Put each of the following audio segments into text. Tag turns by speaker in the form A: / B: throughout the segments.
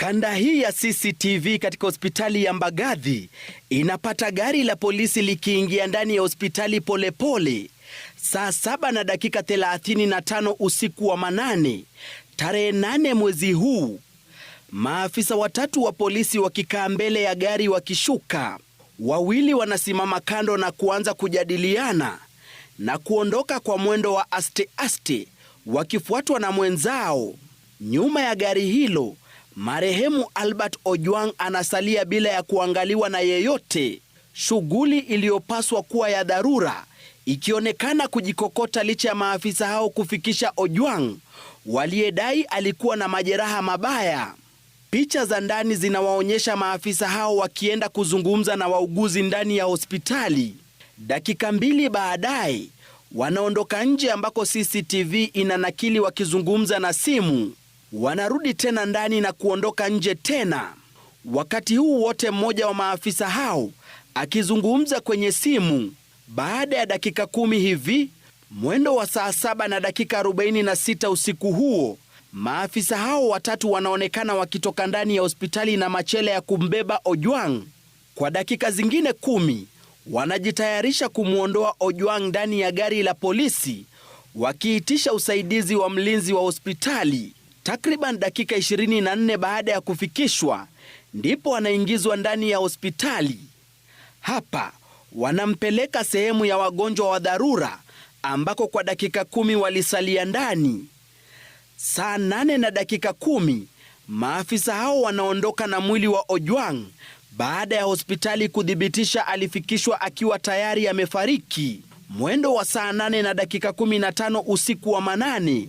A: Kanda hii ya CCTV katika hospitali ya Mbagathi inapata gari la polisi likiingia ndani ya hospitali polepole saa saba na dakika 35 usiku wa manane tarehe 8 mwezi huu, maafisa watatu wa polisi wakikaa mbele ya gari wakishuka, wawili wanasimama kando na kuanza kujadiliana na kuondoka kwa mwendo wa aste aste wakifuatwa na mwenzao. Nyuma ya gari hilo Marehemu Albert Ojwang anasalia bila ya kuangaliwa na yeyote, shughuli iliyopaswa kuwa ya dharura ikionekana kujikokota licha ya maafisa hao kufikisha Ojwang waliyedai alikuwa na majeraha mabaya. Picha za ndani zinawaonyesha maafisa hao wakienda kuzungumza na wauguzi ndani ya hospitali. Dakika mbili baadaye wanaondoka nje ambako CCTV inanakili wakizungumza na simu wanarudi tena ndani na kuondoka nje tena. Wakati huu wote, mmoja wa maafisa hao akizungumza kwenye simu. Baada ya dakika kumi hivi, mwendo wa saa saba na dakika 46 usiku huo, maafisa hao watatu wanaonekana wakitoka ndani ya hospitali na machele ya kumbeba Ojwang. Kwa dakika zingine kumi wanajitayarisha kumwondoa Ojwang ndani ya gari la polisi wakiitisha usaidizi wa mlinzi wa hospitali Takriban dakika 24 baada ya kufikishwa, ndipo anaingizwa ndani ya hospitali. Hapa wanampeleka sehemu ya wagonjwa wa dharura ambako kwa dakika kumi walisalia ndani. Saa nane na dakika kumi maafisa hao wanaondoka na mwili wa Ojwang baada ya hospitali kuthibitisha alifikishwa akiwa tayari amefariki. Mwendo wa saa nane na dakika kumi na tano usiku wa manane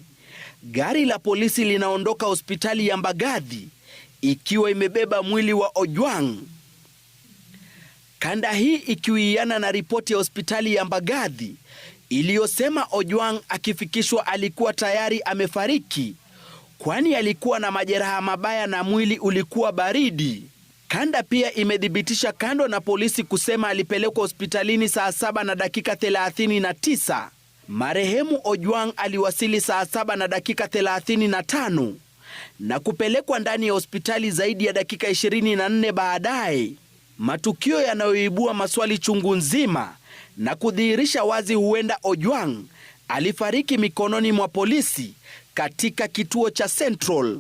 A: Gari la polisi linaondoka hospitali ya Mbagathi ikiwa imebeba mwili wa Ojwang. Kanda hii ikiwiana na ripoti ya hospitali ya Mbagathi iliyosema Ojwang akifikishwa alikuwa tayari amefariki, kwani alikuwa na majeraha mabaya na mwili ulikuwa baridi. Kanda pia imethibitisha kando na polisi kusema alipelekwa hospitalini saa saba na dakika 39 Marehemu Ojwang aliwasili saa saba na dakika 35 na kupelekwa ndani ya hospitali zaidi ya dakika 24 baadaye, matukio yanayoibua maswali chungu nzima na kudhihirisha wazi huenda Ojwang alifariki mikononi mwa polisi katika kituo cha Central.